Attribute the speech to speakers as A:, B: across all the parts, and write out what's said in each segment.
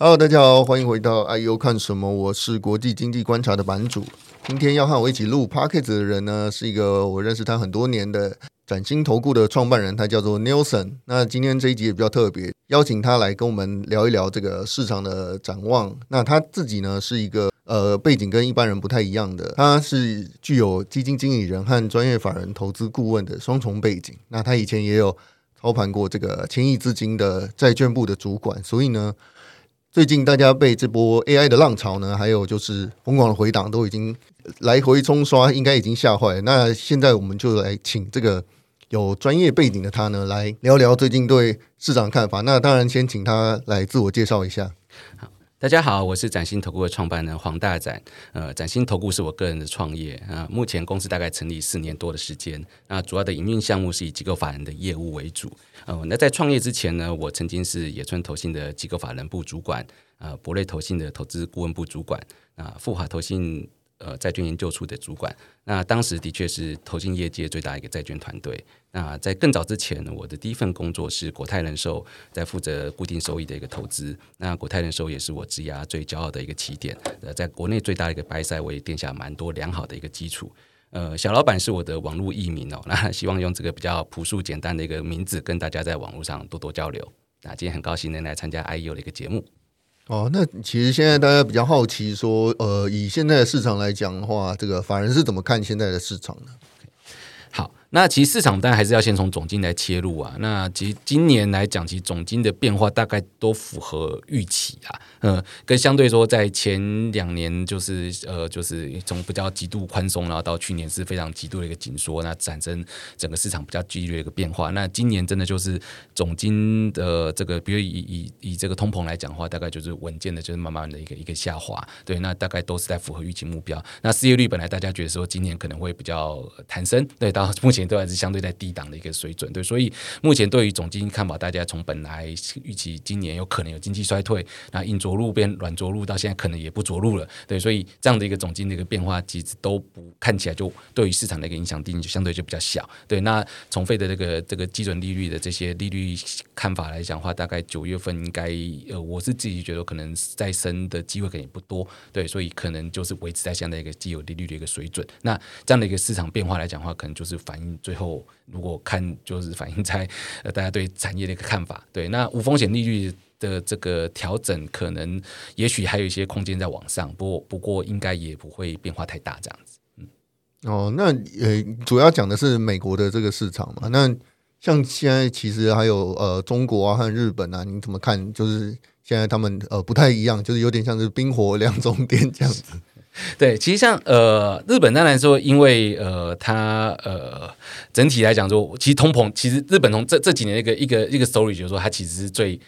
A: Hello，大家好，歡迎回到 IU 看什麼？我是國際經濟觀察的版主。今天要和我一起錄 Podcast 的人呢，是一個我認識他很多年的展新投顧的創辦人，他叫做 Nelson。那今天這一集也比較特別，邀請他來跟我們聊一聊這個市場的展望。那他自己呢是一個呃背景跟一般人不太一樣的，他是具有基金經理人和專業法人投資顧問的雙重背景。那他以前也有操盤過這個千億資金的債券部的主管，所以呢。最近大家被這波 AI 的浪潮呢，還有就是瘋狂的回檔，都已經來回沖刷，應該已經嚇壞了。那現在我們就來請這個有專業背景的他呢，來聊聊最近對市場的看法。那當然先請他來自我介紹一下。好。
B: 大家好，我是展新投顧的創辦人黃大展。呃，展新投顧是我個人的創業，啊，目前公司大概成立四年多的時間。那主要的營運項目是以機構法人的業務為主。呃，那在創業之前呢，我曾經是野村投信的機構法人部主管，呃，啊，博瑞投信的投資顧問部主管，啊，富華投信。呃，債券研究處的主管。那當時的確是投信業界最大一個債券團隊。那在更早之前，呢，我的第一份工作是國泰人壽，在負責固定收益的一個投資。那國泰人壽也是我職涯最驕傲的一個起點。呃，在國內最大的一個比賽，我也奠下蠻多良好的一個基礎。呃，小老闆是我的網絡藝名哦，那希望用這個比較樸素簡單的一個名字跟大家在網絡上多多交流。那今天很高興能來參加 IEO 的一個節目。
A: 哦，那其實現在大家比較好奇說，說呃，以現在的市場來講的話，這個法人是怎麼看現在的市場呢？Okay.
B: 好。那其實市場當然還是要先從總經來切入啊。那其實今年來講，其實總經的變化大概都符合預期啊。
A: 嗯，
B: 跟相對說在前兩年就是呃，就是從比較極度寬鬆然後到去年是非常極度的一個緊縮，那產生整個市場比較激烈的一個變化。那今年真的就是總經的這個，比如以以以這個通膨來講的話，大概就是穩健的，就是慢慢的一個一個下滑。對，那大概都是在符合預期目標。那失業率本來大家覺得說今年可能會比較彈升，對，到目前。都還是相對在低檔的一個水準，對，所以目前對於總經看法，大家從本來預期今年有可能有經濟衰退，那硬着陸變軟着陸，到現在可能也不着陸了，對，所以這樣的一個總經的一個變化，其實都不看起來就對於市場的一個影響，定義就相對就比較小，對。那從費的這個這個基準利率的這些利率看法來講的話，大概九月份應該，呃，我是自己覺得可能再升的機會可能也不多，對，所以可能就是維持在現在一個既有利率的一個水準。那這樣的一個市場變化來講的話，可能就是反映。最後，如果看就是反映在呃大家對產業的一個看法，對那無風險利率的這個調整，可能也許還有一些空間在往上，不過不過應該也不會變化太大這樣子。
A: 嗯，哦，那呃主要講的是美國的這個市場嘛，嗯、那像現在其實還有呃中國啊和日本啊，你怎麼看？就是現在他們呃不太一樣，就是有點像是冰火兩重天這樣子。對，其實像呃日
B: 本，當然說，因為呃它呃整體來講說，其實通膨，其實日本從這這幾年一個一個一個 story 就是說，它其實是最。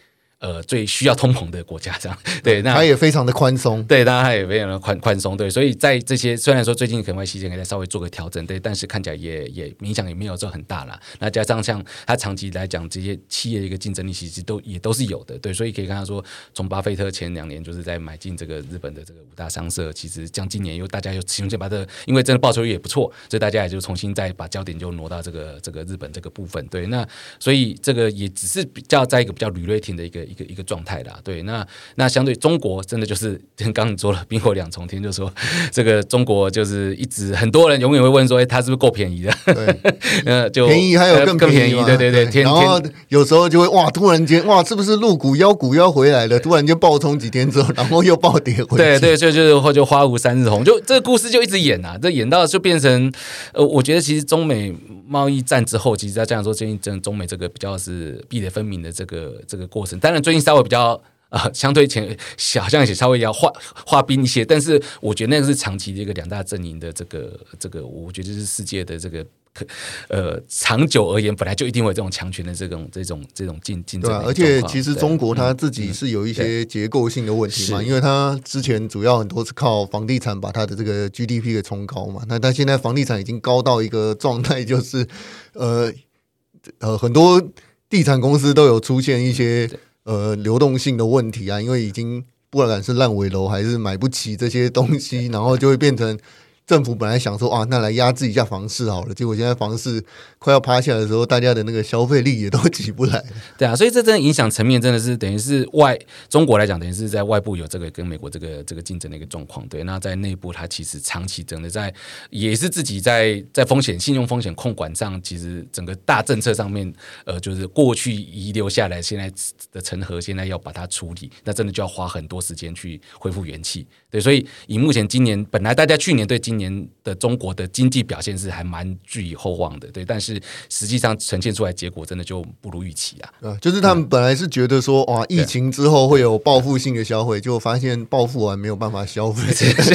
B: 呃，最需要通膨的國家這樣，對，那它也非常的寬鬆，對，當然它也非常的寬寬鬆，對，所以在這些雖然說最近可能期間可能稍微做個調整，對，但是看起來也也影響也沒有做很大了。那加上像他長期來講，這些企業的一個競爭力其實都也都是有的，對，所以可以看他說，從巴菲特前兩年就是在買進這個日本的這個五大商社，其實將今年又大家又重新把這，因為真的報酬率也不錯，所以大家也就重新再把焦點就挪到這個這個日本這個部分，對，那所以這個也只是比較在一個比較 relating 的一個。一個一個狀態的、啊，對，那那相對中國真的就是，剛剛你說了冰火兩重天，就說這個中國就是一直很多人永遠會問說，哎、欸，它是不是夠便宜的？對， 就便宜還有更便更，便便更便宜，對對對。對天然後
A: 有時候就會哇，突然間哇，是不是露骨腰骨要回來了？突然間暴衝幾天之後，然後又暴跌回來。對
B: 對，就就是或就花無三日紅，就這個故事就一直演啊，這演到就變成呃，我覺得其實中美貿易戰之後，其實這樣說最近這中美這個比較是壁壘分明的這個這個過程，當然。最近稍微比較啊、呃，相對前好像也稍微要化化冰一些，但是我覺得那個是長期的一個兩大陣營的這個這個，我覺得就是世界的這個呃長久而言，本來就一定會有這種強權的這種這種這種競競爭、啊。而且其實中國它自己是有一些結構
A: 性的問題嘛，嗯嗯、因為它之前主要很多是靠房地產把它的這個 GDP 給衝高嘛，那它現在房地產已經高到一個狀態，就是呃呃很多地產公司都有出現一些。呃，流動性的問題啊，因為已經不管是爛尾樓還是買不起這些東西，然後就會變成。政府本來想說啊，那來壓制一下房市好了，結果現在房市快要趴下來的時候，大家的那個消費力也都起不來。對啊，所以這真的影響層面真的是等於是外中國來講，等於是
B: 在外部有這個跟美國這個這個競爭的一個狀況。對，那在內部，它其實長期真的在也是自己在在風險信用風險控管上，其實整個大政策上面，呃，就是過去遺留下來現在的成河，現在要把它處理，那真的就要花很多時間去恢復元氣。對，所以以目前今年本來大家去年對今年年的中國的經濟表現是還蠻寄予厚望的，對，但是實際上呈現出來結果真的就不如預期啊。嗯，
A: 就是他們本來是覺得說，哇，疫情之後會有報復性的消費，結果發現報復完沒有辦法消費，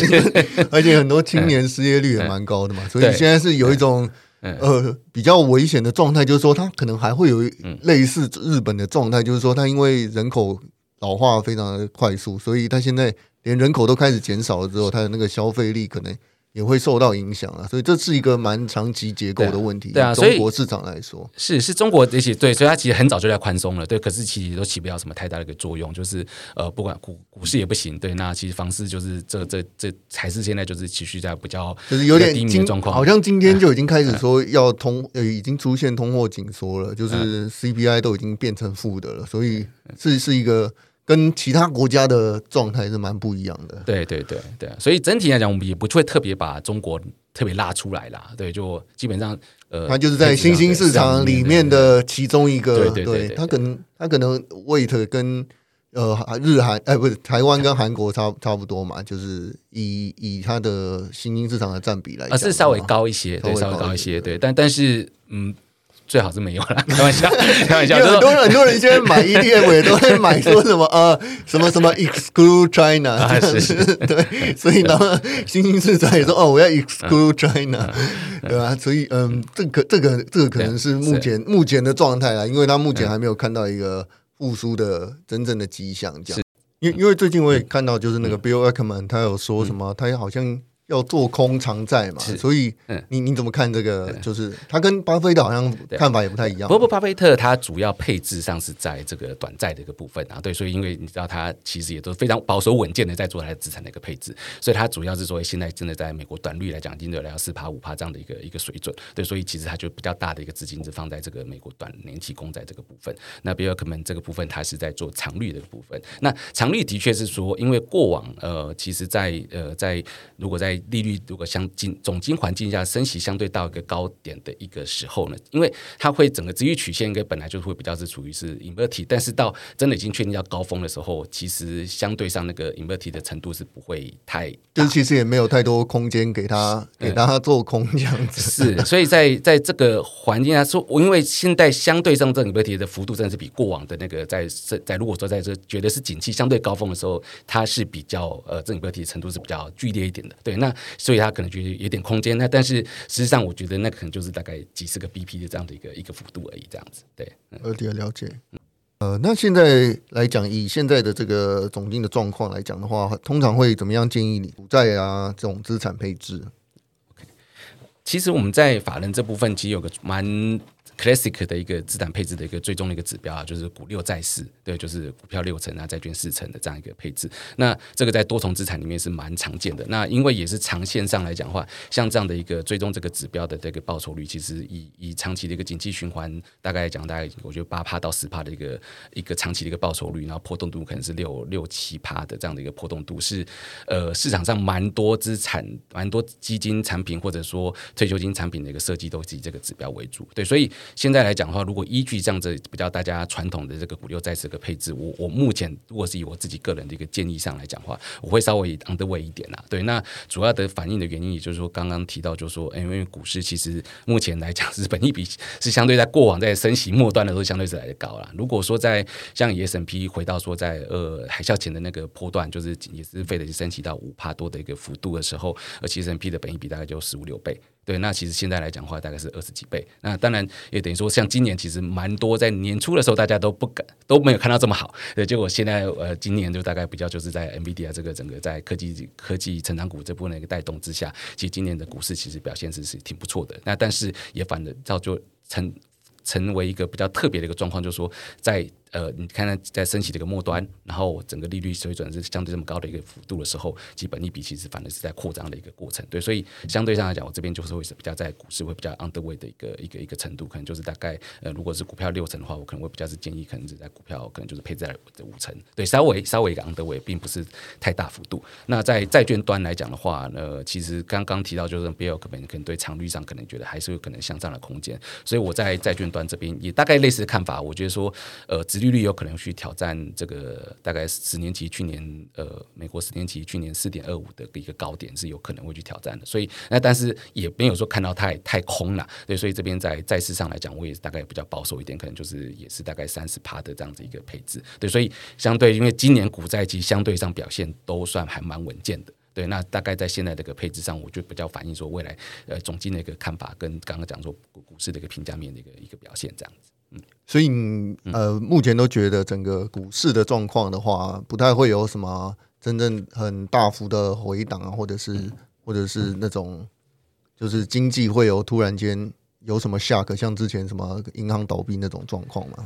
A: 而且很多青年失業率也蠻高的嘛，所以現在是有一種呃比較危險的狀態，就是說他可能還會有類似日本的狀態，就是說他因為人口老化非常的快速，所以他現在連人口都開始減少了之後，他的那個消費力可能。也會受到影響啊，所以這是一個蠻長期結構的問題對、啊。對啊，中國市場來說是是，中國
B: 這些對，所以它其實很早就在寬鬆了，對。可是其實都起不了什麼太大的一個作用，就是呃，不管股股市也不行，對。那其實房市就是這這這才是現在就是持續在比較就是有點低迷狀況，好像今
A: 天就已經開始說要通呃、嗯嗯，已經出現通貨緊縮了，就是 CPI 都已經變成負的了，所以這是，是一個。跟其他國家的狀態是蠻不一樣的。
B: 對對對對、啊，所以整體來講，我們也不會特別把中國特別拉出來啦。對，就基本上，呃，他就是在新興市場，市場面對對
A: 對對對裡面的其中一個。對，他可能，他可能 wait 跟呃日韓哎不是台灣跟韓國差差不多嘛，啊、就是以以它的新興市場的佔比來，而、啊、是稍微高一些，稍微高一些。對，但但是嗯。最好是沒有
B: 啦，開玩笑，， 開玩笑。很多很多人現在買 EDM 也都會買說什
A: 麼呃什麼什麼 exclude China， 啊、是是， 對。所以他們新興市場也說是是哦我要 exclude China，啊啊對吧、啊？所以嗯，嗯，這個這個這個可能是目前目前的狀態啊，因為他目前還沒有看到一個復甦的真正的跡象。是、嗯。因因為最近我也看到就是那個 Bill Ackman 他有說什麼，他也好像。要做空長債嘛？是，所以你、嗯、你怎麼看這個？就是、嗯、他跟巴菲特好像看法也不太一樣。不不，
B: 巴菲特他主要配置上是在這個短債的一個部分啊。對，所以因為你知道他其實也都非常保守穩健的在做他的資產的一個配置，所以他主要是說現在真的在美國短率來講已經有了四趴五趴這樣的一個一個水準。對，所以其實他就比較大的一個資金是放在這個美國短年期公債這個部分。那 Bill Ackman 這個部分，他是在做長率的部分。那長率的確是說，因為過往呃，其實在呃，在如果在利率如果相近，總經環境下升息相對到一個高點的一個時候呢，因為它會整個殖利率曲線一本來就會比較是處於是 inverted，但是到真的已經確定要高峰的時候，其實相對上那個 inverted 的程度是不會太，
A: 就其實也沒有太多空間給它、嗯，給大家做空這樣子。是，
B: 所以在在這個環境下，說因為現在相對上這個 inverted 的幅度真的是比過往的那個在在，在如果說在這覺得是景氣相對高峰的時候，它是比較呃，這 inverted 程度是比較劇烈一點的。對，那。那所以他可能覺得有點空間，那但是實際上我覺得那個可能就是大概幾十個 BP 的這樣的一個一個幅度而已，這樣子。
A: 對，有點了解、嗯。呃，那現在來講，以現在的這個總經的狀況來講的話，通常會怎麼樣建議你股債啊這種資產配置？Okay.
B: 其實我們在法人這部分其實有個蠻。Classic 的一個資產配置的一個最終的一個指標啊，就是股六債四，對，就是股票六成啊，債券四成的這樣一個配置。那這個在多重資產裡面是蠻常見的。那因為也是長線上來講的話，像這樣的一個最終這個指標的這個報酬率，其實以以長期的一個景氣循環大概來講，大概我覺得八趴到十趴的一個一個長期的一個報酬率，然後波動度可能是六六七趴的這樣的一個波動度，是呃市場上蠻多資產蠻多基金產品或者說退休金產品的一個設計都是以這個指標為主，對，所以。現在來講的話，如果依據這樣子比較大家傳統的這個股六債四的配置，我我目前如果是以我自己個人的一個建議上來講的話，我會稍微 underweight 一點啦。對，那主要的反應的原因也就是說剛剛提到，就是說、欸，因為股市其實目前來講，是本益比是相對在過往在升息末端的時候相對是來的高啦。如果說在像 S&P 回到說在呃海嘯前的那個波段，就是也是 Fed 去升息到5%多的一個幅度的時候，而其實 S&P 的本益比大概就十五六倍。對，那其實現在來講的話，大概是二十幾倍。那當然也等於說，像今年其實蠻多，在年初的時候大家都不敢，都沒有看到這麼好。對，結果現在呃，今年就大概比較就是在 NVIDIA 這個整個在科技科技成長股這部分的一個帶動之下，其實今年的股市其實表現是是挺不錯的。那但是也反而造就成成為一個比較特別的一個狀況，就是說在。呃，你看看在升息這個末端，然後整個利率水準是相對這麼高的一個幅度的時候，基本益比其實反而是在擴張的一個過程，對，所以相對上來講，我這邊就是會是比較在股市會比較 underweight 的一個一個一個程度，可能就是大概呃，如果是股票六成的話，我可能會比較是建議，可能是在股票可能就是配在五成，對，稍微稍微一個 underweight，並不是太大幅度。那在債券端來講的話呢、呃，其實剛剛提到就是 b e 可能可能對長率上可能覺得還是有可能向上的空間，所以我在債券端這邊也大概類似的看法，我覺得說呃，利率有可能去挑戰這個大概十年期去年呃美國十年期去年四點二五的一個高點是有可能會去挑戰的，所以那但是也沒有說看到太太空了，對，所以這邊在債市上來講，我也是大概比較保守一點，可能就是也是大概三十趴的這樣子一個配置，對，所以相對因為今年股債其實相對上表現都算還蠻穩健的，對，那大概在現在的這個配置上，我就比較反映說未來呃總經的一個看法，跟剛剛講說股市的一個評價面的一個一個表現這樣子。
A: 所以，呃，目前都覺得整個股市的狀況的話，不太會有什麼真正很大幅的回檔啊，或者是或者是那種就是經濟會有突然間有什麼 shock，像之前什麼銀行倒閉那種狀況嘛。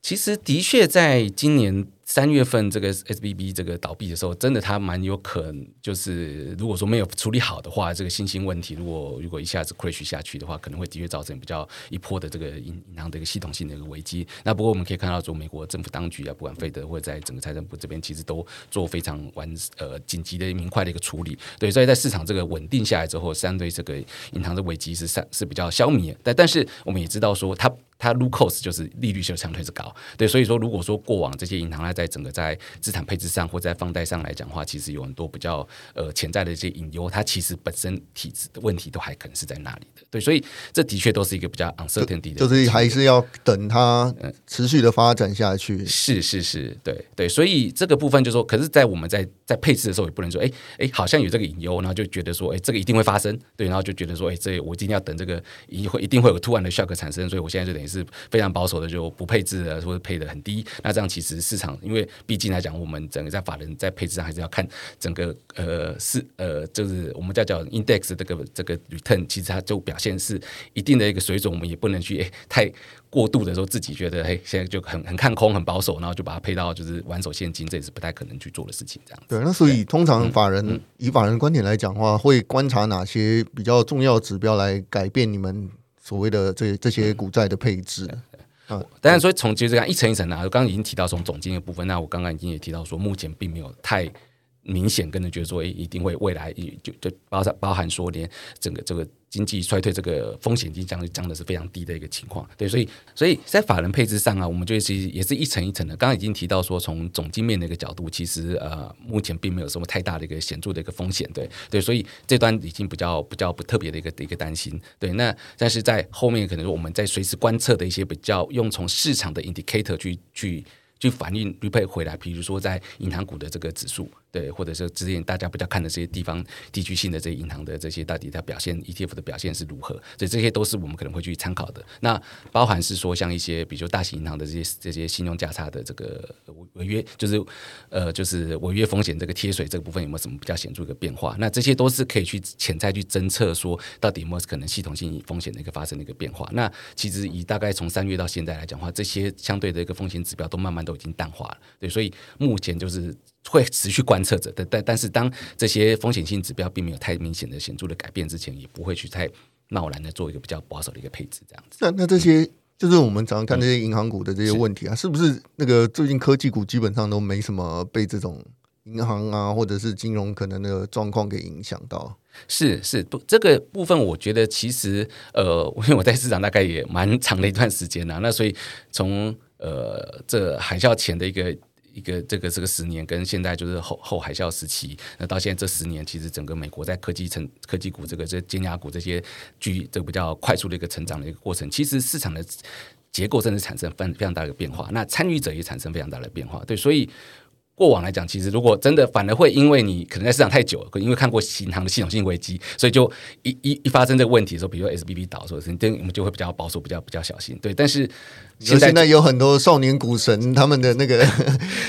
B: 其實，的確在今年。三月份這個 SBB 這個倒閉的時候，真的它蠻有可能，就是如果說沒有處理好的話，這個信心問題，如果如果一下子 crash 下去的話，可能會的確造成比較一波的這個銀銀行的一個系統性的一個危機。那不過我們可以看到，說美國政府當局啊，不管費德或者在整個財政部這邊，其實都做非常完呃緊急的、明快的一個處理。對，所以在市場這個穩定下來之後，相對這個銀行的危機是是是比較消弭。但但是我們也知道說，它它路口 c 就是利率就相對是高。對，所以說如果說過往這些銀行它在整個在資產配置上或在放貸上來講的話，其實有很多比較呃潛在的一些隱憂，它其實本身體質的問題都還可能是在那裡的。對，所以這的確都是一個比較 uncertainty 的，就、就是還
A: 是要等它持續的發展下去。嗯、是是是，對
B: 對。所以這個部分就是說，可是，在我們在在配置的時候，也不能說，哎、欸、哎、欸，好像有這個隱憂，然後就覺得說，哎、欸，這個一定會發生。對，然後就覺得說，哎、欸，這我今天要等這個會一定會有突然的 shock 產生，所以我現在就等於是非常保守的，就不配置的，或者配的很低。那這樣其實市場。因為畢竟來講，我們整個在法人，在配置上還是要看整個呃是呃，就是我們在講 index 的這個這個 return，其實它就表現是一定的一個水準，我們也不能去、欸、太過度的時候，自己覺得哎，現在就很很看空、很保守，然後就把它配到就是玩手現金，這也是不太可能去做的事情。這
A: 樣對，對，那所以通常法人、嗯嗯、以法人觀點來講的話，會觀察哪些比較重要指標來改變你們所謂的這些這些股債的配置？嗯嗯嗯嗯嗯、
B: 但所以從其實這樣一層一層的，剛剛已經提到從總經的部分，那我剛剛已經也提到說，目前並沒有太明顯跟着覺得說，誒，一定會未來就就包包含說，連整個這個經濟衰退這個風險已經降降的是非常低的一個情況，對，所以所以在法人配置上啊，我們就是也是一層一層的。剛剛已經提到說，從總經面的一個角度，其實呃，目前並沒有什麼太大的一個顯著的一個風險，對對，所以這段已經比較比較不特別的一個一個擔心，對。那但是在後面可能我們在隨時觀測的一些比較用從市場的 indicator 去去去反映 repay 回來，比如說在銀行股的這個指數。對，或者是之前大家比較看的這些地方地區性的這些銀行的這些到底它表現 ETF 的表現是如何？所以這些都是我們可能會去參考的。那包含是說像一些，比如說大型銀行的這些這些信用價差的這個違約，就是呃，就是違約風險這個貼水這個部分有沒有什麼比較顯著的變化？那這些都是可以去潛在去偵測，說到底有沒有可能系統性風險的一個發生的一個變化？那其實以大概從三月到現在來講的話，這些相對的一個風險指標都慢慢都已經淡化了。對，所以目前就是。會持續觀測着的，但但但是當這些風險性指標並沒有太明顯的顯著的改變之前，也不會去太貿然的做一個比較保守的一個配置，這樣
A: 子。那那這些、嗯、就是我們常常看這些銀行股的這些問題啊、嗯，是，是不是那個最近科技股基本上都沒什麼被這種銀行啊或者是金融可能的狀況給影響到？
B: 是是，這個部分我覺得其實呃，因為我在市場大概也蠻長的一段時間了、啊，那所以從呃這海嘯前的一個。一個這個這個十年跟現在就是後後海嘯時期，那到現在這十年，其實整個美國在科技成科技股這個這尖牙股這些具這個比較快速的一個成長的一個過程，其實市場的結構真的產生非常非常大的變化，那參與者也產生非常大的變化，對，所以。過往來講，其實如果真的反而會因為你可能在市場太久了，可能因為看過銀行，行的系統性危機，所以就一一一發生這個問題的時候，比如說 SBB 倒的時候，我們就會比較保守，比較比較小心。對，但是現在，現在有很
A: 多少年股神，他們的那個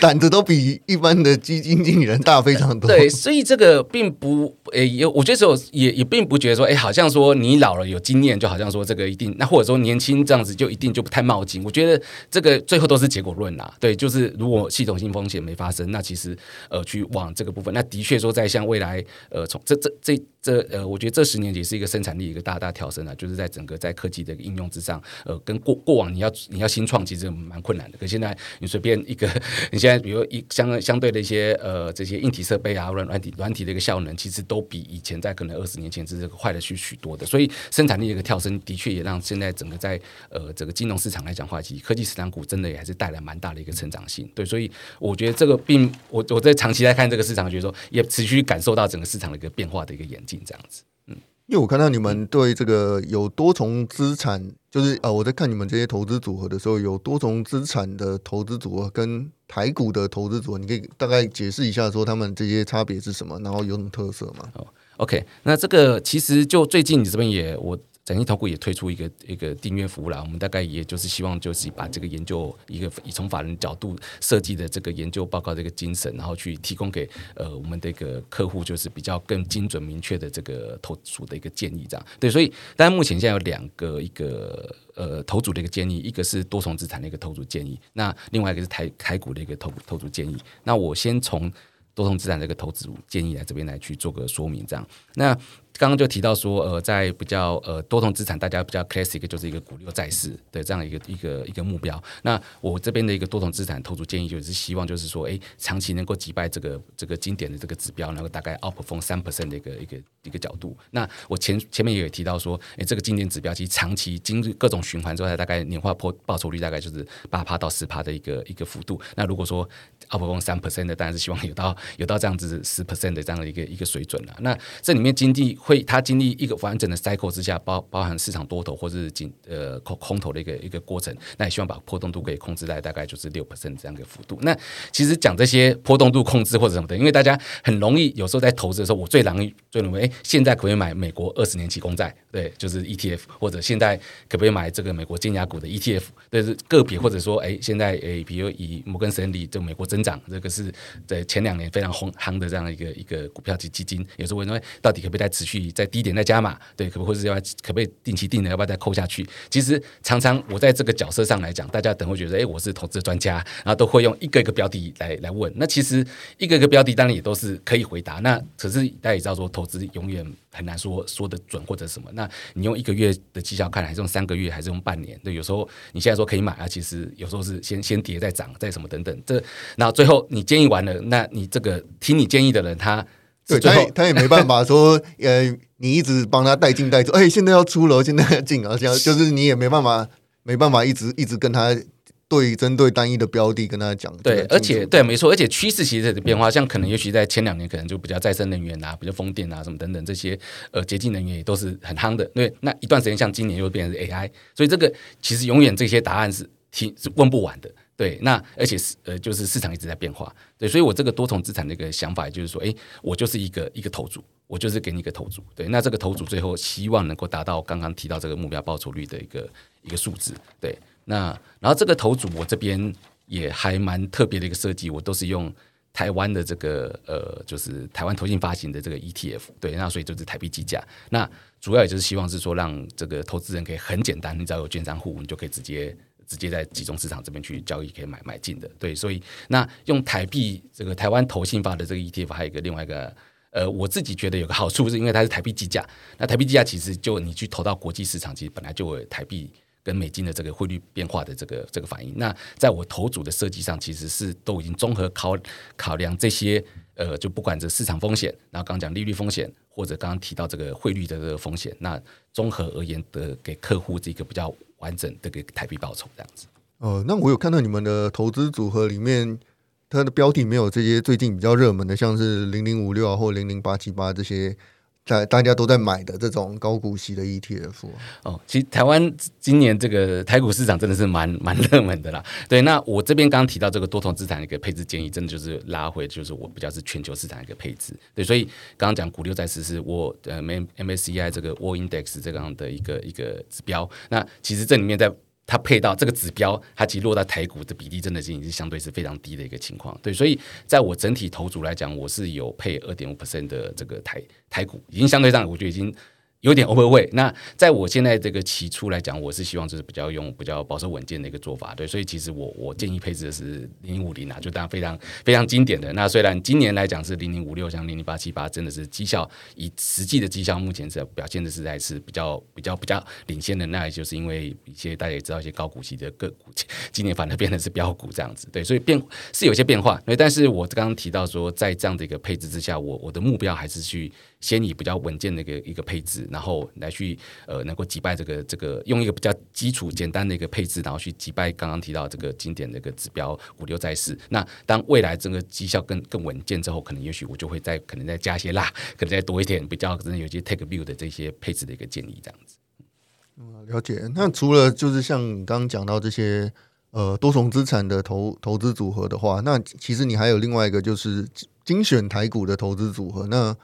A: 膽子都比一般的基金經理人大非常多。對，
B: 所以這個並不誒，有、欸、我覺得有也也並不覺得說，哎、欸，好像說你老了有經驗，就好像說這個一定那或者說年輕這樣子就一定就不太冒進。我覺得這個最後都是結果論啦。對，就是如果系統性風險沒發生。那其實，呃，去往這個部分，那的確說，在像未來，呃，從這這這這，呃，我覺得這十年也是一個生產力一個大大跳升的，啊，就是在整個在科技的應用之上，呃，跟過過往你要你要新創，其實蠻困難的。可現在你隨便一個，你現在比如一相相對的一些，呃，這些硬體設備啊，軟軟體軟體的一個效能，其實都比以前在可能二十年前是這個快了許許多的。所以生產力一個跳升，的確也讓現在整個在呃整個金融市場來講話，其實科技市場股真的也還是帶來蠻大的一個成長性。對，所以我覺得這個。併我我在長期在看這個市場，覺得也持續感受到整個市場的一個變化的一個演進，這樣子。嗯，
A: 因為我看到你們對這個有多重資產，就是啊，我在看你們這些投資組合的時候，有多重資產的投資組合跟台股的投資組合，你可以大概解釋一下說他們這些差別是什麼，然後有什麼特色嗎？嗯，
B: 哦，OK，那這個其實就最近你這邊也我。展新投顧也推出一個一個訂閱服務啦，我們大概也就是希望就是把這個研究一個以從法人角度設計的這個研究報告的一個精神，然後去提供給呃我們的一個客戶，就是比較更精準明確的這個投組的一個建議這樣。對，所以當然目前現在有兩個一個呃投組的一個建議，一個是多重資產的一個投組建議，那另外一個是台台股的一個投投組建議。那我先從多重資產這個投資建議來這邊來去做個說明這樣。那剛剛就提到說，呃，在比較呃多重資產，大家比較 classic 就是一個股六債四的這樣一個一個一個目標。那我這邊的一個多重資產投資建議，就是希望就是說，哎，長期能夠擊敗這個這個經典的這個指標，能夠大概 outperform 三 percent 的一個一個一個角度。那我前前面也有提到說，哎，這個經典指標其實長期經歷各種循環之後，大概年化破報酬率大概就是八趴到十趴的一個一個幅度。那如果說 outperform 三 percent 的，當然是希望有到有到這樣子十 percent 的這樣的一個一個水準了、啊。那這裡面經濟會，它經歷一個完整的 cycle 之下，包包含市場多頭或者僅呃空空頭的一個一個過程，那也希望把波動度給控制在大概就是六%這樣一個幅度。那其實講這些波動度控制或者什麼的，因為大家很容易有時候在投資的時候，我最容易最容易，哎，現在可不可以買美國二十年期公債？對，就是 ETF 或者現在可不可以買這個美國尖牙股的 ETF？這是個別，嗯、或者說哎，現在哎，比如以摩根士丹利就美國增長這個是在前兩年非常紅夯的這樣一個一個股票及基金，有時候認為到底可不可以再持續？在低點再加碼，對，可不可以是要不要可不可以定期定的，要不要再扣下去？其實常常我在這個角色上來講，大家等會覺得，哎、欸，我是投資專家，然後都會用一個一個標的來來問。那其實一個一個標的當然也都是可以回答，那可是大家也知道說，投資永遠很難說說得準或者什麼。那你用一個月的績效看，還是用三個月，還是用半年？對，有時候你現在說可以買啊，其實有時候是先先跌再漲，再什麼等等。這那最後你建議完了，那你這個聽你建議的人他。
A: 對他也他也沒辦法說，呃，你一直幫他帶進帶出，哎、欸，現在要出了，現在要進，而且就是你也沒辦法，沒辦法一直一直跟他對針對單一的標的跟他講。對，而且
B: 對，沒錯，而且趨勢其實也在變化，像可能尤其在前兩年，可能就比較再生能源啊，比較風電啊什麼等等這些，呃，潔淨能源也都是很夯的。對，對，那一段時間像今年又變成 AI，所以這個其實永遠這些答案是題是問不完的。對，那而且是呃，就是市場一直在變化，對，所以我這個多重資產的一個想法，就是說，哎，我就是一個一個投組，我就是給你一個投組。對，那這個投組最後希望能夠達到剛剛提到這個目標報酬率的一個一個數字，對，那然後這個投組我這邊也還蠻特別的一個設計，我都是用台灣的這個呃，就是台灣投信發行的這個 ETF，對，那所以就是台幣計價，那主要也就是希望是說讓這個投資人可以很簡單，你只要有券商戶，你就可以直接。直接在集中市場這邊去交易可以買買進的，對，所以那用台幣這個台灣投信發的這個 ETF，還有一個另外一個呃，我自己覺得有個好處是因為它是台幣計價，那台幣計價其實就你去投到國際市場，其實本來就有台幣跟美金的這個匯率變化的這個這個反應。那在我投組的設計上，其實是都已經綜合考考量這些呃，就不管這市場風險，然後剛講利率風險，或者剛剛提到這個匯率的這個風險，那綜合而言的給客戶這個比較。完整的給台幣報酬這樣子。
A: 呃，那我有看到你們的投資組合裡面，它的標的沒有這些最近比較熱門的，像是零零五六啊或零零八七八這些。在大家都在買的這種高股息的 ETF、啊、哦，其實台灣今年這個台股市場真的是蠻蠻熱門
B: 的啦。對，那我這邊剛提到這個多重資產的一個配置建議，真的就是拉回，就是我比較是全球市場一個配置。對，所以剛剛講股六債四，我呃 MSCI 這個 world index 這樣的一個一個指標，那其實這裡面在。它配到這個指標，它其實落到台股的比例，真的是已經相對是非常低的一個情況。對，所以在我整體投組來講，我是有配二點五%的這個台台股，已經相對上，我覺得已經。有點 overweight，那在我現在這個期初來講，我是希望就是比較用比較保守穩健的一個做法，對。所以其實我我建議配置的是零零五零啊，就當然非常非常經典的。那雖然今年來講是零零五六像零零八七八，真的是績效以實際的績效目前是表現的是還是比較比較比較領先的。那也就是因為一些大家也知道一些高股息的個股，今年反而變得是飆股這樣子，對。所以變是有些變化，對。但是我剛剛提到說，在這樣的一個配置之下，我我的目標還是去先以比較穩健的一個一個配置，然後來去呃能夠擊敗這個這個用一個比較基礎簡單的一個配置，然後去擊敗剛剛提到這個經典的一個指標股六債四。那當未來整個績效更更穩健之後，可能也許我就會再可能再加一些辣，可能再多一點比較可能有些 take view 的這些配置的一個建議這樣子。
A: 嗯，了解。那除了就是像剛剛講到這些呃多重資產的投投資組合的話，那其實你還有另外一個就是精選台股的投資組合那。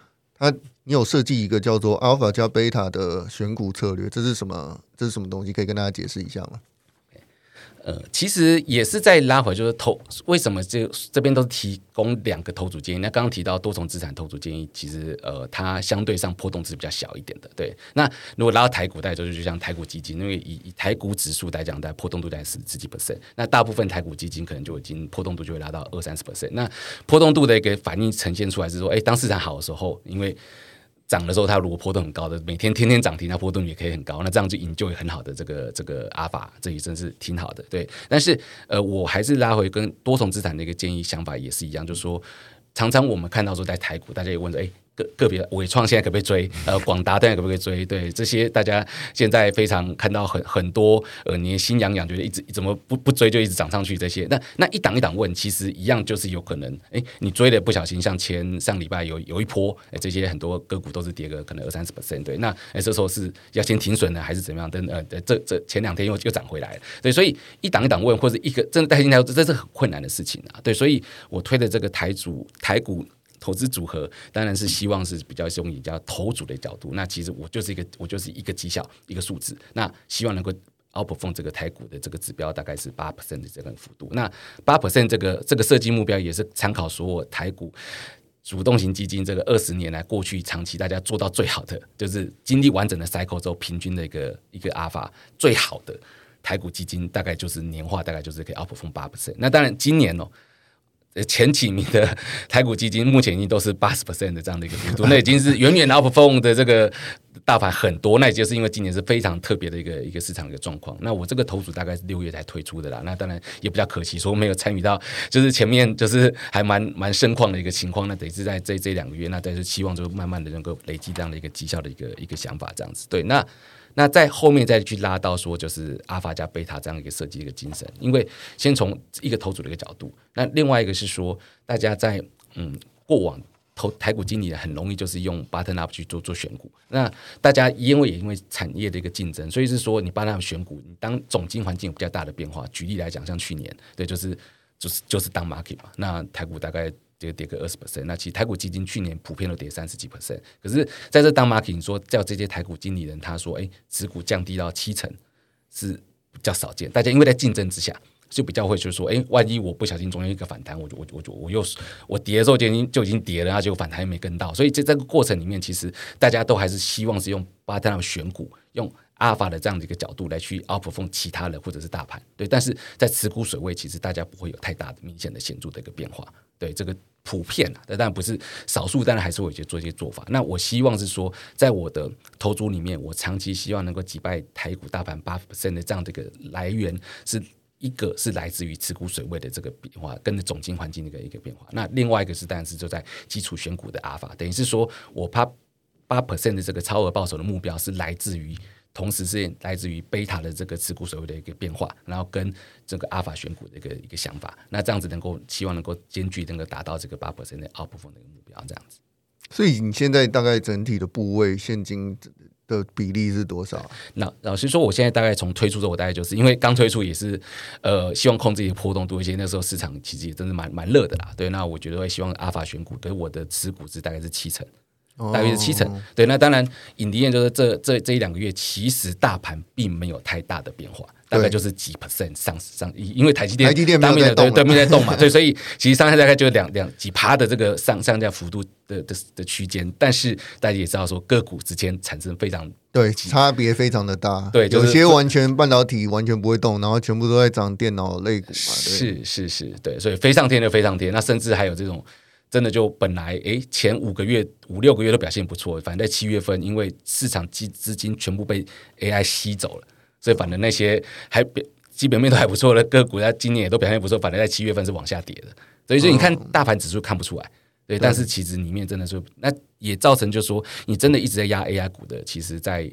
A: 那、啊、你有設計一個叫做阿爾法加貝塔的選股策略，這是什麼？這是什麼東西？可以跟大家解釋一下嗎？呃，其實
B: 也是在拉回，就是投為什麼這這邊都是提供兩個投組建議。那剛剛提到多重資產投組建議，其實呃，它相對上波動值比較小一點的。對，那如果拉到台股大，就是，大家就就像台股基金，因為以台股指數來講，在波動度在十十幾 percent，那大部分台股基金可能就已經波動度就會拉到二三十 percent。那波動度的一個反應呈現出來是說，哎、欸，當市場好的時候，因為漲的時候，它如果波動很高的，每天天天漲停，那波動也可以很高，那這樣就引就很好的這個這個阿爾法，這也真是挺好的，對。但是呃，我還是拉回跟多重資產的一個建議想法也是一樣，就是說，常常我們看到說在台股，大家也問說，欸個個別緯創現在可不可以追？呃，廣達現在可不可以追？對，這些大家現在非常看到很很多，呃，你心癢癢，覺得一直怎麼不不追就一直漲上去這些，那那一檔一檔問，其實一樣就是有可能，哎、欸，你追的不小心，像前上禮拜有有一波，哎、欸，這些很多個股都是跌個可能二三十 percent，對，那哎、欸，這時候是要先停損呢，還是怎麼樣？等，呃，這這前兩天又又漲回來了，對，所以一檔一檔問或者一個真擔心條，這是很困難的事情啊，對，所以我推的這個台主台股。投資組合當然是希望是比較凶，一家投組的角度，那其實我就是一個我就是一個績效一個數字，那希望能夠 outperform 這個台股的這個指標大概是八 percent 的這個幅度，那八 percent 這個這個設計目標也是參考所有台股主動型基金這個二十年來過去長期大家做到最好的，就是經歷完整的 cycle 之後平均的一個一個 alpha 最好的台股基金大概就是年化大概就是可以 outperform 八 percent，那當然今年哦、喔。前幾名的台股基金，目前已經都是八十%的這樣的一個幅度，那已經是遠遠 outperform 的這個大盤很多，那也就是因為今年是非常特別的一個一個市場的一個狀況。那我這個投組大概是六月才推出的啦，那當然也比較可惜，說沒有參與到，就是前面就是還蠻蠻盛況的一個情況。那等是在這這兩個月，那但是希望就慢慢的能夠累積這樣的一個績效的一個一個想法這樣子。對，那。那在後面再去拉到說，就是 Alpha 加 Beta 這樣一個設計一個精神。因為先從一個投組的一個角度，那另外一個是說，大家在嗯過往投台股經理很容易就是用 button up 去做做選股。那大家因為也因為產業的一個競爭，所以是說你 button up 選股，你當總經環境有比較大的變化。舉例來講，像去年對，就是就是就是當 market 嘛，那台股大概。就跌個二十 percent，那其實台股基金去年普遍都跌三十幾 percent。可是在這當 market，你說叫這些台股經理人，他說：“哎、欸，持股降低到七成是比較少見。”大家因為在競爭之下，就比較會去說：“哎、欸，萬一我不小心中間一個反彈，我就我就我又我跌的時候就已經就已經跌了，然後就反彈又沒跟到。”所以在這個過程裡面，其實大家都還是希望是用 bottom-up 選股，用。阿爾法的這樣的一個角度來去 outperform 其他的或者是大盤，對，但是在持股水位其實大家不會有太大的明顯的顯著的一個變化，對，這個普遍啊，當然不是少數，當然還是會有些做一些做法。那我希望是說，在我的投資裡面，我長期希望能夠擊敗台股大盤八 percent 的這樣的一個來源，是一個是來自於持股水位的這個變化，跟着總經環境的一個一個變化。那另外一個是，當然是就在基礎選股的阿爾法，等於是說我怕八 percent 的這個超額報酬的目標是來自於。同時是來自於貝塔的這個持股所謂的一個變化，然後跟這個阿法選股的一個一個想法，那這樣子能夠希望能夠兼具能夠達到這個八 percent 的阿部分的一個目標。這樣子。
A: 所以你現在大概整體的部位現金的比例是多少？那
B: 老老實說，我現在大概從推出之後，我大概就是因為剛推出也是呃，希望控制一些波動多一些。那時候市場其實也真的蠻蠻熱的啦，對。那我覺得會希望阿法選股對我的持股是大概是七成。大約是七成，對。那當然，影迪燕就是這這這一兩個月，其實大盤並沒有太大的變化，大概就是幾 percent 上上，因為台積電當面的台積電沒有在動，對對，沒動嘛。對，所以其實上下大概就兩兩幾趴的這個上上下幅度的的的區間。但是大家也知道說，個股之間產生非常
A: 對差別非常的大，對，有些完全半導體完全不會動，然後全部都在漲電腦類股嘛。是是是，是，對。
B: 所以飛上天就飛上天，那甚至還有這種。真的就本來誒、欸，前五個月五六個月都表現不錯，反正在七月份，因為市場資資金全部被 AI 吸走了，所以反正那些還表基本面都還不錯的個股，在今年也都表現不錯，反正在七月份是往下跌的。所以，說你看大盤指數看不出來對。哦，對，但是其實裡面真的是那也造成，就是說你真的一直在壓 AI 股的，其實，在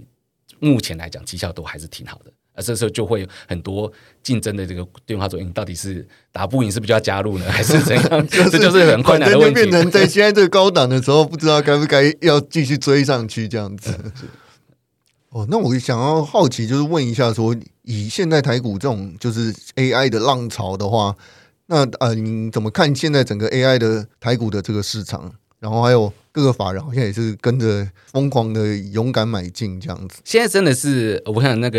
B: 目前來講，績效都還是挺好的。啊，這時候就會有很多競爭的這個對話說，說你到底是打不贏，是不是要加入呢，還是怎樣？ 就是、這就是很困難的問題 變成對，現
A: 在這個高檔的時候， 不知道該不該要繼續追上去這樣子。嗯、哦，那我想要好奇，就是問一下說，說以現在台股這種就是 AI 的浪潮的話，那呃，你怎麼看現在整個 AI 的台股的這個市場？然後還有各個法人好像也是跟着瘋狂的勇敢買進這樣子。現
B: 在真的是我看那個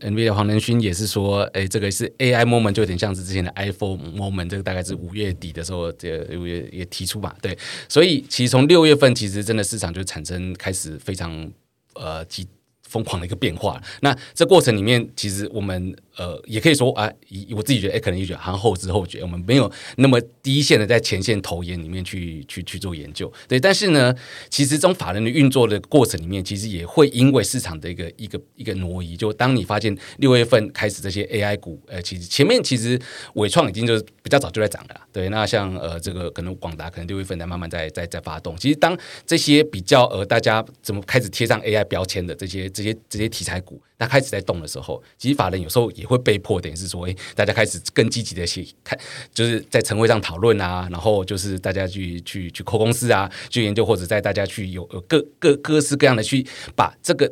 B: NVIDIA 黃仁勳也是說，誒，這個是 AI moment 就有點像是之前的 iPhone moment，這個大概是五月底的時候也五月也提出嘛，對。所以其實從六月份其實真的市場就產生開始非常呃急瘋狂的一個變化。那這過程裡面其實我們。呃，也可以說啊，我自己覺得，哎、欸，可能就覺得好像後知後覺，我們沒有那麼第一線的在前線投研裡面去去去做研究，對。但是呢，其實從法人的運作的過程裡面，其實也會因為市場的一個一個一個挪移，就當你發現六月份開始這些 AI 股，呃，其實前面其實緯創已經就是比較早就在漲了，對。那像呃這個可能廣達，可能六月份在慢慢在在在發動。其實當這些比較呃大家怎麼開始貼上 AI 標籤的這些這些這些題材股。他開始在動的時候，其實法人有時候也會被迫等於是說，哎、欸，大家開始更積極的去看，就是在晨會上討論啊，然後就是大家去去去 call 公司啊，去研究或者帶大家去有有各各各式各樣的去把這個。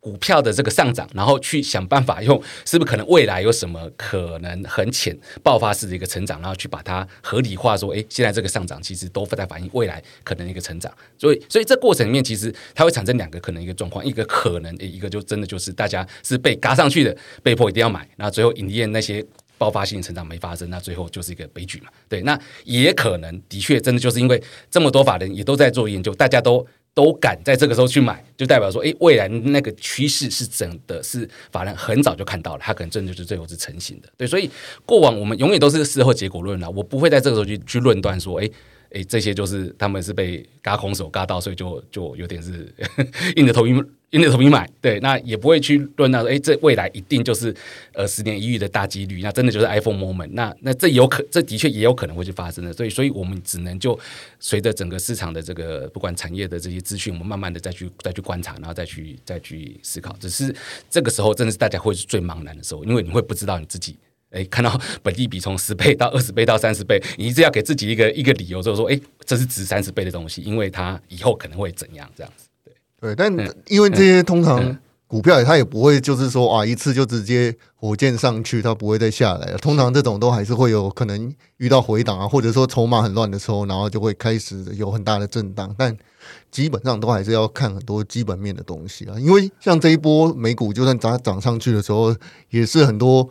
B: 股票的這個上漲，然後去想辦法用，是不是可能未來有什麼可能很淺爆發式的一個成長，然後去把它合理化，說，誒，現在這個上漲其實都不太反映未來可能一個成長。所以，所以這過程裡面其實它會產生兩個可能一個狀況，一個可能，誒，一個就真的就是大家是被嘎上去的，被迫一定要買，那最後影尼那些爆發性成長沒發生，那最後就是一個悲劇嘛。對，那也可能的確真的就是因為這麼多法人也都在做研究，大家都。都敢在這個時候去買，就代表說，哎、欸，未來那個趨勢是真的是法人很早就看到了，他可能真的就是最後是成型的。對，所以過往我們永遠都是個事後結果論了，我不會在這個時候去去論斷說，哎、欸。哎、欸，這些就是他們是被嘎空手嘎到，所以就就有點是硬着頭皮硬着頭皮買。對，那也不會去論到，哎、欸，這未來一定就是呃十年一遇的大幾率，那真的就是 iPhone moment 那。那那這有可，這的確也有可能會去發生的。所以，所以我們只能就隨着整個市場的這個不管產業的這些資訊，我們慢慢的再去再去觀察，然後再去再去思考。只是這個時候，真的是大家會是最茫然的時候，因為你會不知道你自己。誒，看到本益比從十倍到二十倍到三十倍，你一直要給自己一個一個理由，就是說，誒，這是值三十倍的東西，因為它以後可能會怎樣這樣子。
A: 對，對，但因為這些通常股票也、嗯嗯、它也不會就是說啊，一次就直接火箭上去，它不會再下來了。通常這種都還是會有可能遇到回檔啊，或者說籌碼很亂的時候，然後就會開始有很大的震盪。但基本上都還是要看很多基本面的東西啊，因為像這一波美股就算漲漲上去的時候，也是很多。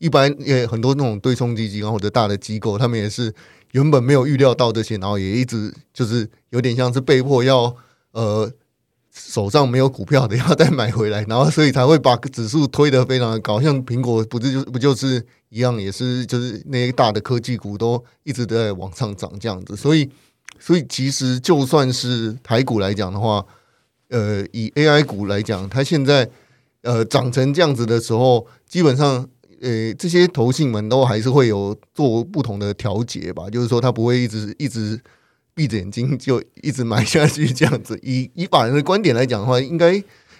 A: 一般也很多那種對沖基金或者大的機構，他們也是原本沒有預料到這些，然後也一直就是有點像是被迫要呃，手上沒有股票的要再買回來，然後所以才會把指數推得非常的高，像蘋果不是就不就是一樣，也是就是那些大的科技股都一直都在往上漲這樣子，所以所以其實就算是台股來講的話，呃，以 AI 股來講，它現在呃漲成這樣子的時候，基本上。呃，這些投信們都還是會有做不同的調節吧，就是說他不會一直一直閉着眼睛就一直買下去這樣子。以以法人的觀點來講的話，應該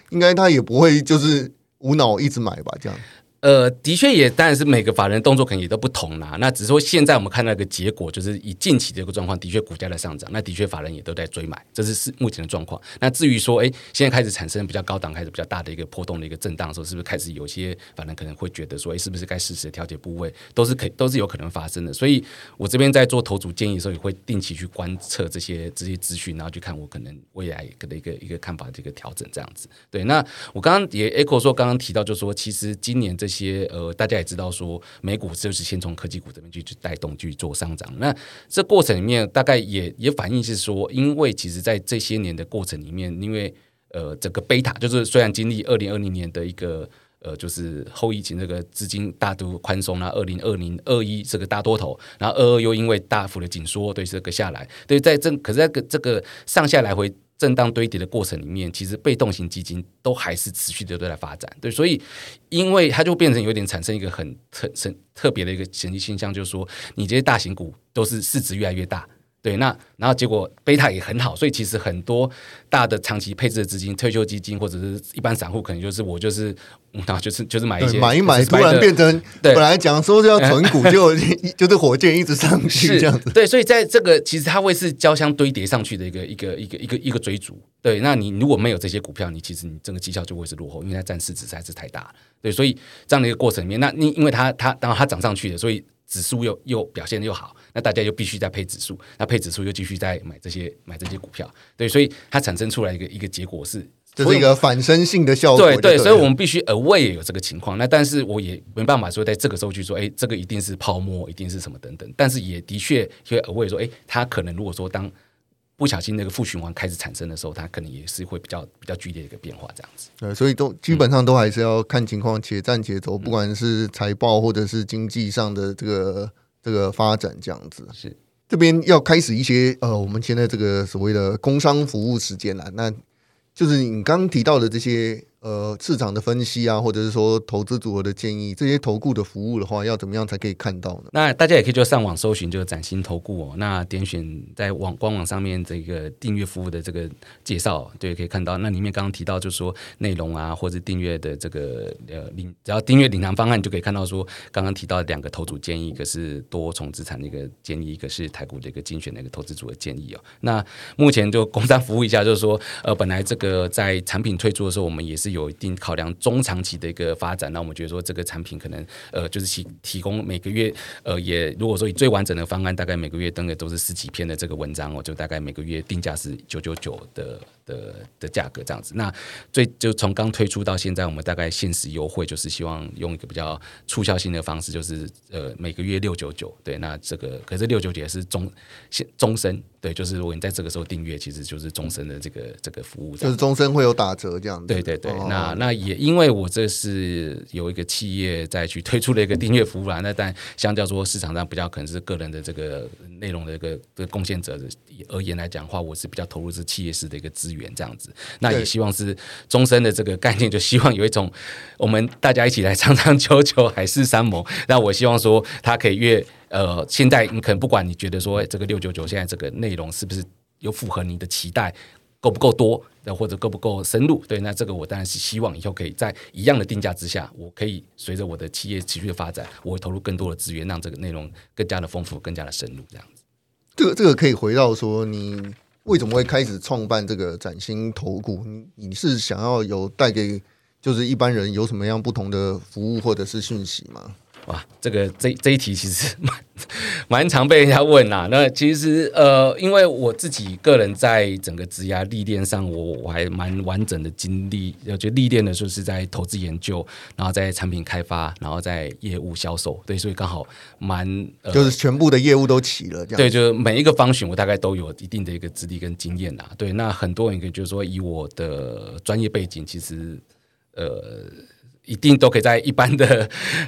A: 應該他也不會就是無腦一直買吧，這樣。
B: 呃，的確也，當然是每個法人動作可能也都不同啦。那只是說，現在我們看到一個結果，就是以近期的一個狀況，的確股價在上漲，那的確法人也都在追買，這是是目前的狀況。那至於說，哎，現在開始產生比較高檔，開始比較大的一個波動的一個震盪的時候，是不是開始有些法人可能會覺得說，哎，是不是該適時的調節部位，都是可都是有可能發生的。所以，我這邊在做投組建議的時候，也會定期去觀測這些這些資訊，然後去看我可能未來可能一個一個看法這個調整這樣子。對，那我剛剛也 Echo 說，剛剛提到就是說，其實今年這。一些呃，大家也知道說，美股就是先從科技股這邊去去帶動去做上漲。那這過程裡面，大概也也反映是說，因為其實，在這些年的過程裡面，因為呃，整個貝塔就是雖然經歷二零二零年的一個呃，就是後疫情這個資金大都寬鬆了，二零二零二一這個大多頭，然後二二又因為大幅的緊縮，對，這個下來，對在這可是在、這個、這個上下來回。震盪堆疊的過程裡面，其實被動型基金都還是持續的都在發展，對，所以因為它就變成有點產生一個很特、很特別的一個前提現象，就是說，你這些大型股都是市值越來越大。對，那然後結果貝塔也很好，所以其實很多大的長期配置的資金，退休基金或者是一般散戶，可能就是我就是，嗯、然後就是就是買一些買一買，突然變成
A: 對本來講說是要存股，就、嗯、就是火箭一直上去這樣子。
B: 對，所以在這個其實它會是交相堆疊上去的一個一個一個一個一個追逐。對，那你如果沒有這些股票，你其實你整個績效就會是落後，因為它佔市值實在是太大，對，所以這樣的一個過程裡面，那你因為它它然後它漲上去的，所以。指數又又表現又好，那大家又必須再配指數，那配指數又繼續再買這些買這些股票，對，所以它產生出來一個一個結果是，這是一個
A: 反身性的效果對。對對，所以我
B: 們必須 aware 也有這個情況，那但是我也沒辦法說在這個時候去說，哎，這個一定是泡沫，一定是什麼等等，但是也的確會 aware 說，哎，它可能如果說當。不小心，那個負循環開始產生的時候，它可能也是會比較比較劇烈的一個變化，這樣子。
A: 對，所以都基本上都還是要看情況，且戰且走。嗯、不管是財報或者是經濟上的這個這個發展，這樣子是這邊要開始一些呃，我們現在這個所謂的工商服務時間了。那就是你剛提到的這些。呃，市場的分析啊，或者是說投資組合的建議，這些投顧的服務的話，要怎麼樣才可以看到呢？
B: 那大家也可以就上網搜尋就個「展新投顧」哦，那點選在網官網上面這個訂閱服務的這個介紹、哦，對，可以看到。那裡面剛剛提到，就是說內容啊，或者訂閱的這個呃領，只要訂閱領航方案，你就可以看到說剛剛提到的兩個投組建議，一個是多重資產的一個建議，一個是台股的一個精選的一個投資組合建議哦。那目前就工商服務一下，就是說，呃，本來這個在產品推出的時候，我們也是。有一定考量，中長期的一個發展，那我們覺得說這個產品可能呃，就是提提供每個月呃，也如果說以最完整的方案，大概每個月登的都是十幾篇的這個文章，我就大概每個月定價是九九九的的的價格這樣子，那最就從剛推出到現在，我們大概限時優惠，就是希望用一個比較促銷性的方式，就是呃每個月六九九，對，那這個可是六九九也是終終身，對，就是如果你在這個時候訂閱，其實就是終身的這個這個服務，就是終
A: 身會有打折這樣子。對對對，哦哦哦那
B: 那也因為我這是有一個企業在去推出了一個訂閱服務欄、啊，那但相較說市場上比較可能是個人的這個內容的一個的貢獻者而言來講的話，我是比較投入是企業式的一個資。資源這樣子，那也希望是終身的這個概念，就希望有一種我們大家一起來長長久久海誓山盟。那我希望說，他可以越呃，現在你可能不管你覺得說，欸、這個六九九現在這個內容是不是有符合你的期待，夠不夠多，或者夠不夠深入？對，那這個我當然是希望以後可以在一樣的定價之下，我可以隨着我的企業持續的發展，我會投入更多的資源，讓這個內容更加的豐富，更加的深入。這樣子，
A: 這個這個可以回到說你。為什麼會開始創辦這個展新投顧？你你是想要有帶給就是一般人有什麼樣不同的服務或者是訊息嗎？哇，這個這這一題其實蠻蠻常被人家問啦。那其實呃，因為我自己
B: 個人在整個職涯歷練上，我我還蠻完整的經歷呃，就歷練的時候是在投資研究，然後在產品開發，然後在業務銷售。對，所以剛好蠻、呃、就是
A: 全部的業務都齊了。這樣對，就
B: 是每一個方向我大概都有一定的一個資歷跟經驗啊。對，那很多人可能就是說以我的專業背景，其實呃。一定都可以在一般的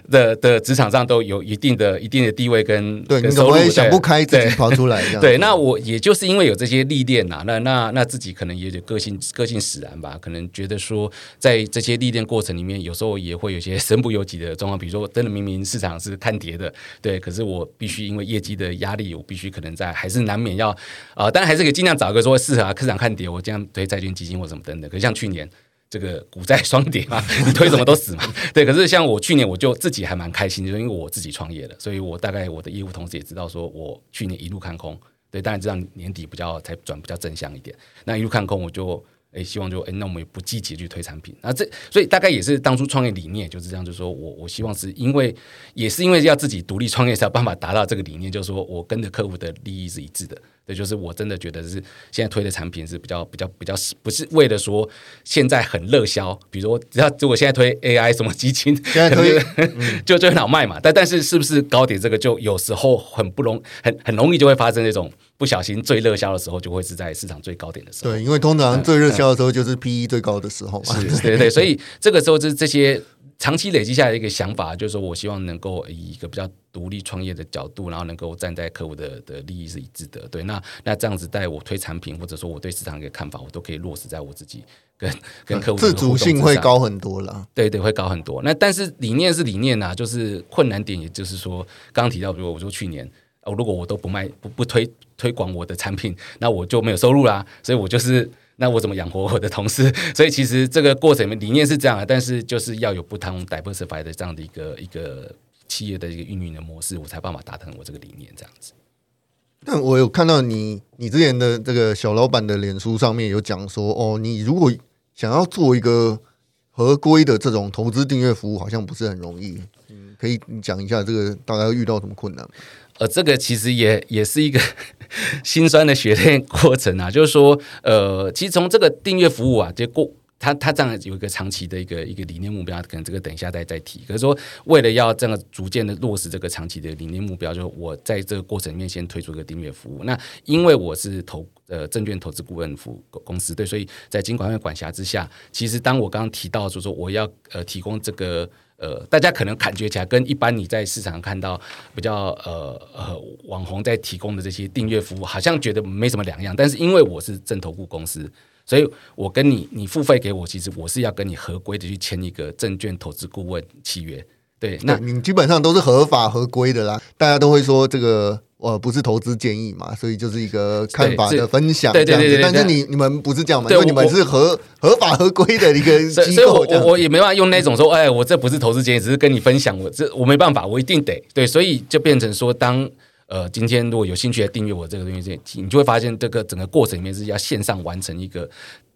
B: 的的職場上都有一定的一定的地位跟收入對，你可能也想不
A: 開自己跑出來樣對對，
B: 對。那我也就是因為有這些歷練吶，那那那自己可能也有個性個性使然吧，可能覺得說在這些歷練過程裡面，有時候也會有些身不由己的狀況，比如說真的明明市場是看跌的，對，可是我必須因為業績的壓力，我必須可能在還是難免要啊，當、呃、然還是可以盡量找個說市場啊，市場看跌，我這樣推債券基金或什麼等等，可是像去年。這個股債雙跌嘛，你推什麼都死嘛？ 對，可是像我去年我就自己還蠻開心，就是因為我自己創業了，所以我大概我的業務同事也知道，說我去年一路看空，對，當然知道年底比較才轉比較正向一點，那一路看空我就。誒，希望就誒，那我們也不積極去推產品啊，那這所以大概也是當初創業理念就是這樣就，就是說我我希望是因為也是因為要自己獨立創業，才有辦法達到這個理念，就是說我跟着客戶的利益是一致的。這就是我真的覺得是現在推的產品是比較比較比較不是為了說現在很熱銷，比如說只要如果現在推 AI 什麼基金， 就、嗯、就，就很好賣嘛。但但是是不是高鐵這個就有時候很不容很很容易就會發生那種。不小心，最熱銷的時候就會是在市場最高點的
A: 時候。對，因為通常最熱銷的時候就是 PE 最高的時候。嘛、嗯，嗯、對，對對。所
B: 以這個時候，就是這些長期累積下來的一個想法，就是說我希望能夠以一個比較獨立創業的角度，然後能夠站在客戶的的利益是一致的。對，那那這樣子，帶我推產品或者說我對市場的一個看法，我都可以落實在我自己跟跟客戶自主性會高很
A: 多了。對對，會高很多。那
B: 但是理念是理念吶、啊，就是困難點，也就是說剛剛提到，如果我說去年。哦，如果我都不賣，不不推推廣我的產品，那我就沒有收入啦、啊。所以我就是那我怎麼養活我的同事？所以其實這個過程裡面理念是這樣啊，但是就是要有不同 diversify 的這樣的一個一個企業的一個運營的模式，我才辦法達成我這個理念這樣子。
A: 但我有看到你你之前的這個小老板的臉書上面有講說，哦，你如果想要做一個合規的這種投資訂閱服務，好像不是很容易。嗯，可以你講一下這個大概會遇到什麼困難？
B: 呃，這個其實也也是一個心 酸的血淚過程啊。就是說，呃，其實從這個訂閱服務啊，就過他他這樣有一個長期的一個一個理念目標，可能這個等一下再再提。可是說，為了要這樣逐漸的落實這個長期的理念目標，就是我在這個過程裡面先推出一個訂閱服務。那因為我是投呃證券投資顧問服務公司，對，所以在金管會管轄之下，其實當我剛剛提到，就是我要呃提供這個。呃，大家可能感覺起來跟一般你在市場看到比較呃呃網紅在提供的這些訂閱服務，好像覺得沒什麼兩樣。但是因為我是正投顧公司，所以我跟你你付費給我，其實我是要跟你合規的去簽一個證券投資顧問契約。對，那
A: 對你基本上都是合法合規的啦。大家都會說這個呃不是投資建議嘛，所以就是一個看法的分享，對對，對對對。但是你你們不是這樣嘛？對，你們是合合法合規的一個機構。所以我我
B: 也沒辦法用那種說，哎、欸，我這不是投資建議，只是跟你分享我。我這我沒辦法，我一定得對。所以就變成說，當，當呃今天如果有興趣來訂閱我這個東西，你就會發現這個整個過程裡面是要線上完成一個。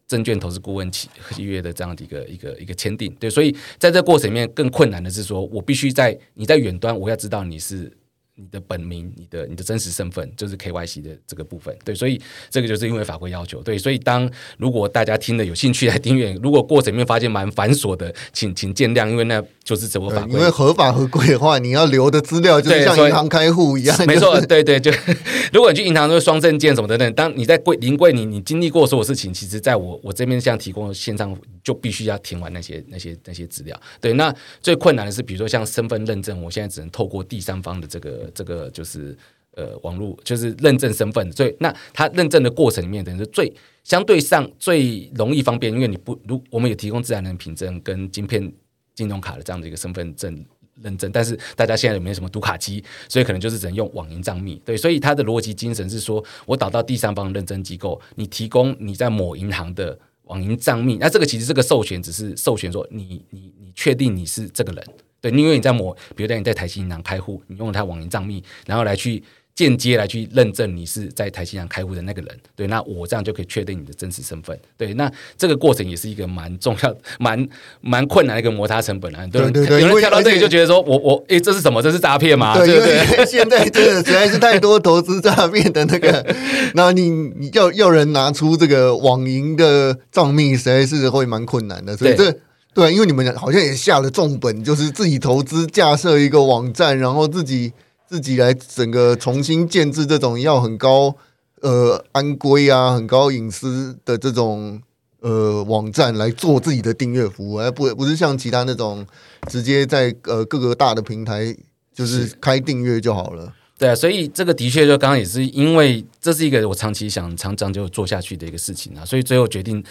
B: 證券投資顧問契約的這樣的一個一個一個簽訂，對，所以在這過程裡面更困難的是，說我必須在你在遠端，我要知道你是。你的本名、你的你的真實身份，就是 KYC 的這個部分，對，所以這個就是因為法規要求，對，所以當如果大家聽了有興趣來訂閱，如果過程裡面發現蠻繁瑣的，請請見諒，因為那就是怎麼法規？因為
A: 合法合規的話，你要留的資料就像銀行開戶一樣，沒錯，
B: 對對，就呵呵如果你去銀行都是雙證件什麼等等，當你在櫃臨櫃你你經歷過所有事情，其實在我我這邊像提供線上就必須要填完那些那些那些資料，對，那最困難的是比如說像身份認證，我現在只能透過第三方的這個。這個就是呃，網絡就是認證身份，所以那它認證的過程裡面，等於是最相對上最容易方便，因為你不如我們有提供自然人憑證跟晶片、金融卡的這樣的一個身份證認證，但是大家現在有沒有什麼讀卡機，所以可能就是只能用網銀賬密。對，所以它的邏輯精神是說，我導到第三方認證機構，你提供你在某銀行的網銀賬密，那這個其實這個授權只是授權說你你你確定你是這個人。對，因為你在某，比如說你在台新銀行開戶，你用他網銀賬密，然後來去間接來去認證你是在台新銀行開戶的那個人。對，那我這樣就可以確定你的真實身份。對，那這個過程也是一個蠻重要、蠻蠻困難的一個摩擦成本啊。對對對，有人看到這裡就覺得說我：“我我，誒、欸、這是什麼？這是詐騙嗎？”對對對。對
A: 現在這個實在是太多投資詐騙的那個， 然後你你要要人拿出這個網銀的賬密，實在是會蠻困難的。對，所以這。對對啊，因為你們好像也下了重本，就是自己投資架設一個網站，然後自己自己來整個重新建置這種要很高呃安規啊、很高隱私的這種呃網站來做自己的訂閱服務，而不不是像其他那種直接在呃各個大的平台就是開訂閱就好了。
B: 對啊，所以這個的確就剛剛也是因為這是一個我長期想、長久就做下去的一個事情啊，所以最後決定。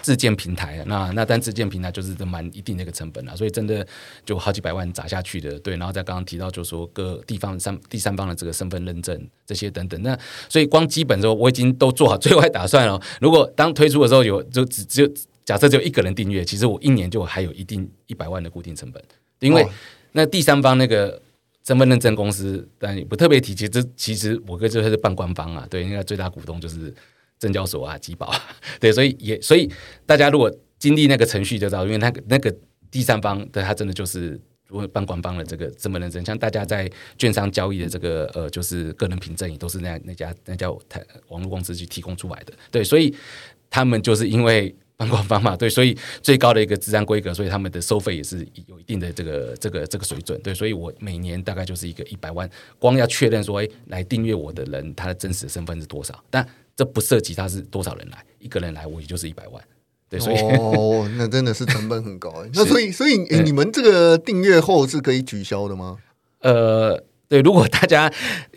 B: 自建平台，那那但自建平台就是蠻一定的一個成本了，啊，所以真的就好幾百萬砸下去的，對。然後在剛剛提到，就是說各地方三第三方的這個身份認證這些等等，那所以光基本說我已經都做好最壞打算了。如果當推出的時候有就只只有假設就一個人訂閱，其實我一年就還有一定一百萬的固定成本，因為那第三方那個身份認證公司，但也不特別提及。這其實我哥就是半官方啊，對，應該最大股東就是。證交所啊，集保對，所以也，所以大家如果經歷那個程序就知道，因為那個那個第三方，對，他真的就是如果辦官方的這個這麼認真。像大家在券商交易的這個呃，就是個人憑證也都是那那家那家網路公司去提供出來的，對，所以他們就是因為辦官方嘛，對，所以最高的一個資產規格，所以他們的收費也是有一定的這個這個這個水準，對，所以我每年大概就是一個一百萬，光要確認說，哎，來訂閱我的人他的真實的身份是多少，但。這不涉及他是多少人來，一個人來我也就是一百萬，對，所以哦，
A: 那真的是成本很高 那所以所以、欸嗯、你們這個訂閱後是可以取消的嗎？呃。
B: 對，如果大家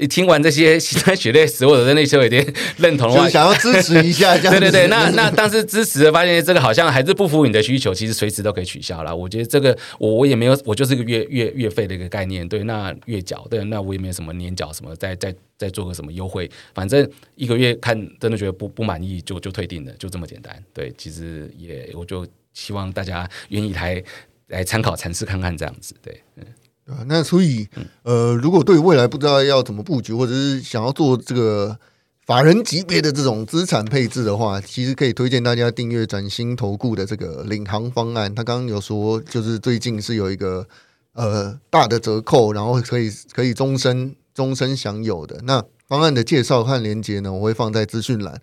B: 聽完這些其他血淚史或者內修，有點認同的話，想要支持一下這樣， 對對對，那那但是支持的發現這個好像還是不符合你的需求，其實隨時都可以取消啦。我覺得這個我我也沒有，我就是一個月月月費的一個概念。對，那月繳，對，那我也沒有什麼年繳什麼，再再再做個什麼優惠，反正一個月看真的覺得不不滿意就就退訂的，就這麼簡單。對，其實也我就希望大家願意來來參考嘗試看看這樣子。對，嗯。
A: 啊，那所以，呃，如果對未來不知道要怎麼布局，或者是想要做這個法人級別的這種資產配置的話，其實可以推薦大家訂閱“展新投顧”的這個領航方案。他剛剛有說，就是最近是有一個呃大的折扣，然後可以可以終身終身享有的。那方案的介紹和連接呢，我會放在資訊欄。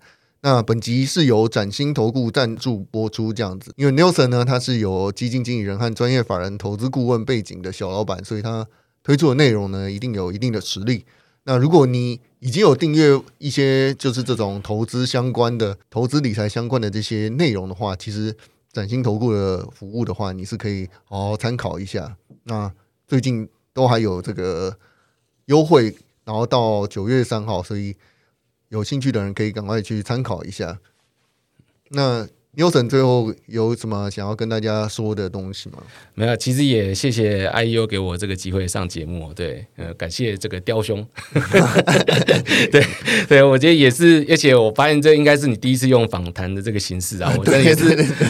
A: 那本集是由展新投顧贊助播出，這樣子，因為 Nelson 呢，他是有基金經理人和專業法人投資顧問背景的小老板，所以他推出的內容呢，一定有一定的實力。那如果你已經有訂閱一些就是這種投資相關的、投資理財相關的這些內容的話，其實展新投顧的服務的話，你是可以好好參考，一下。那最近都還有這個優惠，然後到九月三號，所以。有興趣的人可以趕快去參考一下。那 Nelson 最後有什麼想要跟大家說的東西嗎？
B: 沒有，其實也謝謝 IEO 給我這個機會上節目，對，呃，感謝這個雕兄， 對。對，對我覺得也是，而且我發現這應該是你第一次用訪談的這個形式啊， 我覺得也是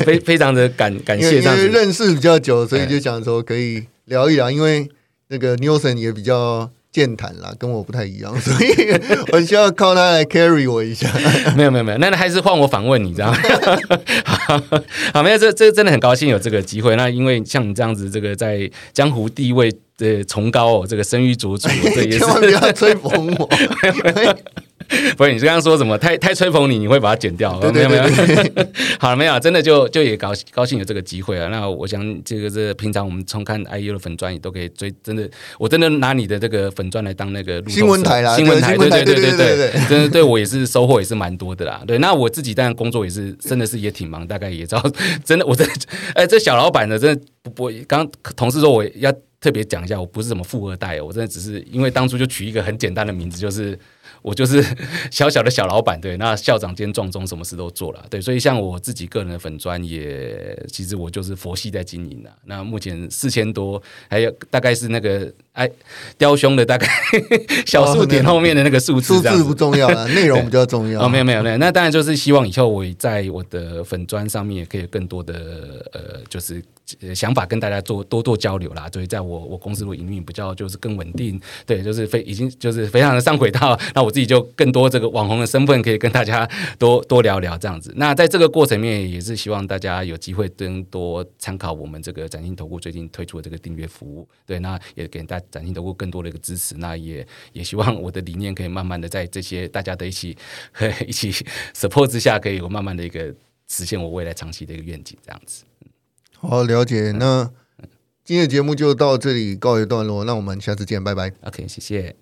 B: 非 非常的感感謝。因為認
A: 識比較久，所以就想說可以聊一聊，因為那個 Nelson 也比較。健談啦，跟我不太一樣，所以我需要靠他來 carry 我一下。
B: 沒有沒有沒有，那還是換我訪問你知道嗎，這 樣。好，沒有，這這真的很高興有這個機會。那因為像你這樣子，這個在江湖地位的崇高哦，這個聲譽卓著，對，也是 千萬不要
A: 吹捧我。
B: 不是你剛剛說什麼太太吹捧你，你會把它剪掉？對對對對沒有沒有，好了沒有？真的就就也高興，高興有這個機會啊。那我想這個是平常我們重看 IU 的粉專也都可以追，真的，我真的拿你的這個粉專來當那個新聞台啦，新聞台,對,新聞台對對對對對,對真的對我也是收穫也是蠻多的啦。對，那我自己當然工作也是真的是也挺忙，大概也知道真的，我真哎、欸、這小老板呢，真的不不，剛同事說我要特別講一下，我不是什麼富二代，哦，我真的只是因為當初就取一個很簡單的名字就是。我就是小小的小老闆，對，那校長兼撞鐘，什麼事都做了，對，所以像我自己個人的粉專也，其實我就是佛系在經營的，那目前四千多，還有大概是那個。哎，雕兄的大概小數點後面的那個數字，數、哦、字不重要了、啊，內容比較重要、啊。哦，沒有沒有沒有、嗯，那當然就是希望以後我在我的粉專上面也可以更多的呃，就是、呃、想法跟大家做多多交流啦。所以在我我公司的營運比較就是更穩定，對，就是非已經就是非常的上軌道。那我自己就更多這個網紅的身份可以跟大家多多聊聊這樣子。那在這個過程面也是希望大家有機會更多參考我們這個展新投顧最近推出的這個訂閱服務。對，那也給大家。展新得過更多的一個支持，那也也希望我的理念可以慢慢的在這些大家的一起一起 support 之下，可以有慢慢的一個實現我未來長期的一個願景，這樣子。
A: 好，好，了解。那今天的節目就到這裡告一段落，那我們下次見，拜拜。OK，謝謝。